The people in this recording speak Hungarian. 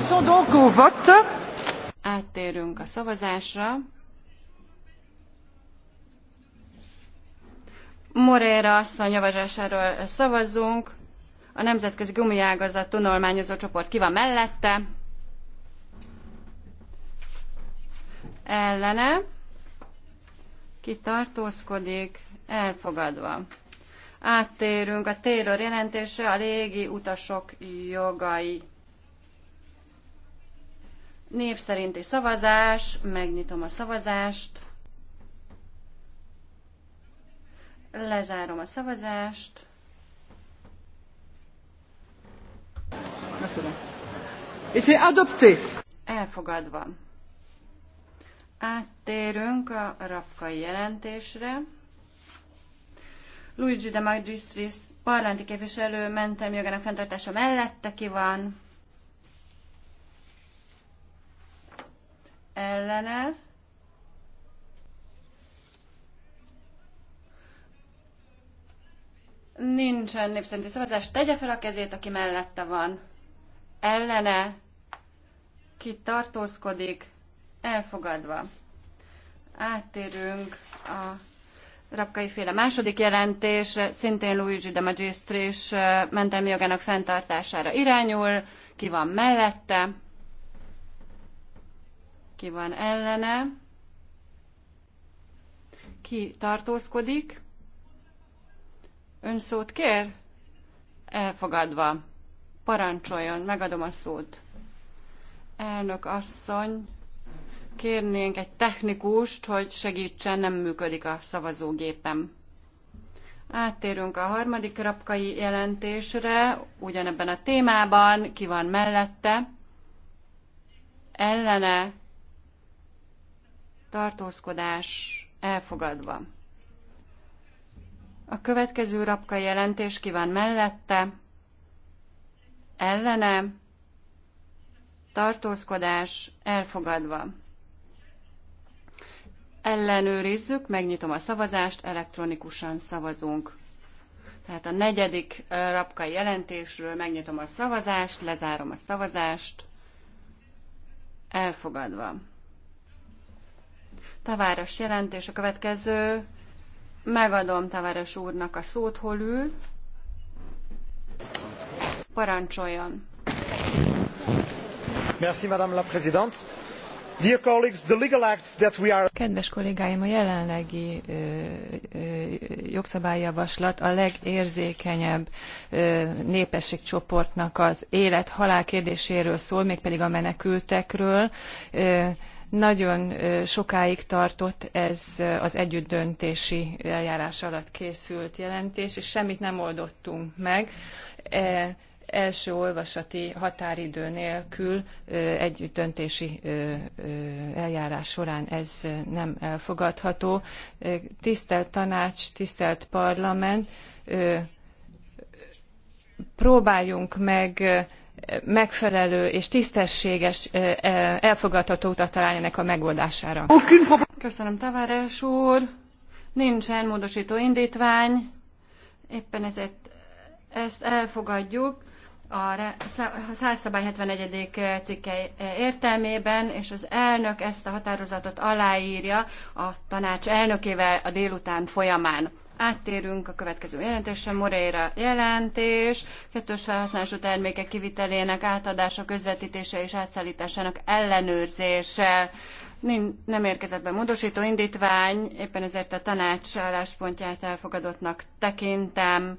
passons donc au vote. Áttérünk a szavazásra. Moreira asszony javaslásáról szavazunk. A Nemzetközi Gumiágazat tanulmányozó Csoport ki van mellette? Ellene. Ki tartózkodik? Elfogadva. Áttérünk a Taylor jelentése a légi utasok jogai. Név szerinti szavazás, megnyitom a szavazást. Lezárom a szavazást. És adopté. Elfogadva. Áttérünk a rapkai jelentésre. Luigi de Magistris parlamenti képviselő mentem jogának fenntartása mellette ki van. kellene. Nincsen népszerinti szavazás. Tegye fel a kezét, aki mellette van. Ellene. Ki tartózkodik. Elfogadva. Áttérünk a Rapkai féle második jelentés, szintén Luigi de Magistris mentelmi jogának fenntartására irányul. Ki van mellette? ki van ellene, ki tartózkodik. Ön szót kér? Elfogadva. Parancsoljon, megadom a szót. Elnök asszony, kérnénk egy technikust, hogy segítsen, nem működik a szavazógépem. Áttérünk a harmadik rapkai jelentésre, ugyanebben a témában, ki van mellette, ellene tartózkodás elfogadva. A következő rapka jelentés ki van mellette, ellene, tartózkodás elfogadva. Ellenőrizzük, megnyitom a szavazást, elektronikusan szavazunk. Tehát a negyedik rapkai jelentésről megnyitom a szavazást, lezárom a szavazást, elfogadva. Taváros jelentés a következő. Megadom Taváros úrnak a szót, hol ül. Parancsoljon. Merci, Madame la Présidente. Kedves kollégáim, a jelenlegi jogszabályjavaslat a legérzékenyebb csoportnak az élet-halál kérdéséről szól, mégpedig a menekültekről. Ö, nagyon sokáig tartott ez az együttdöntési eljárás alatt készült jelentés, és semmit nem oldottunk meg. E, első olvasati határidő nélkül együttdöntési eljárás során ez nem elfogadható. Tisztelt tanács, tisztelt parlament, próbáljunk meg megfelelő és tisztességes, elfogadható utat találjanak a megoldására. Köszönöm, Tavares úr. Nincsen módosító indítvány, éppen ezért ezt elfogadjuk a házszabály 71. Eh, cikke eh, értelmében, és az elnök ezt a határozatot aláírja a tanács elnökével a délután folyamán. Áttérünk a következő jelentésre, Moreira jelentés, kettős felhasználású termékek kivitelének átadása, közvetítése és átszállításának ellenőrzése. Nem érkezett be módosító indítvány, éppen ezért a tanács álláspontját elfogadottnak tekintem.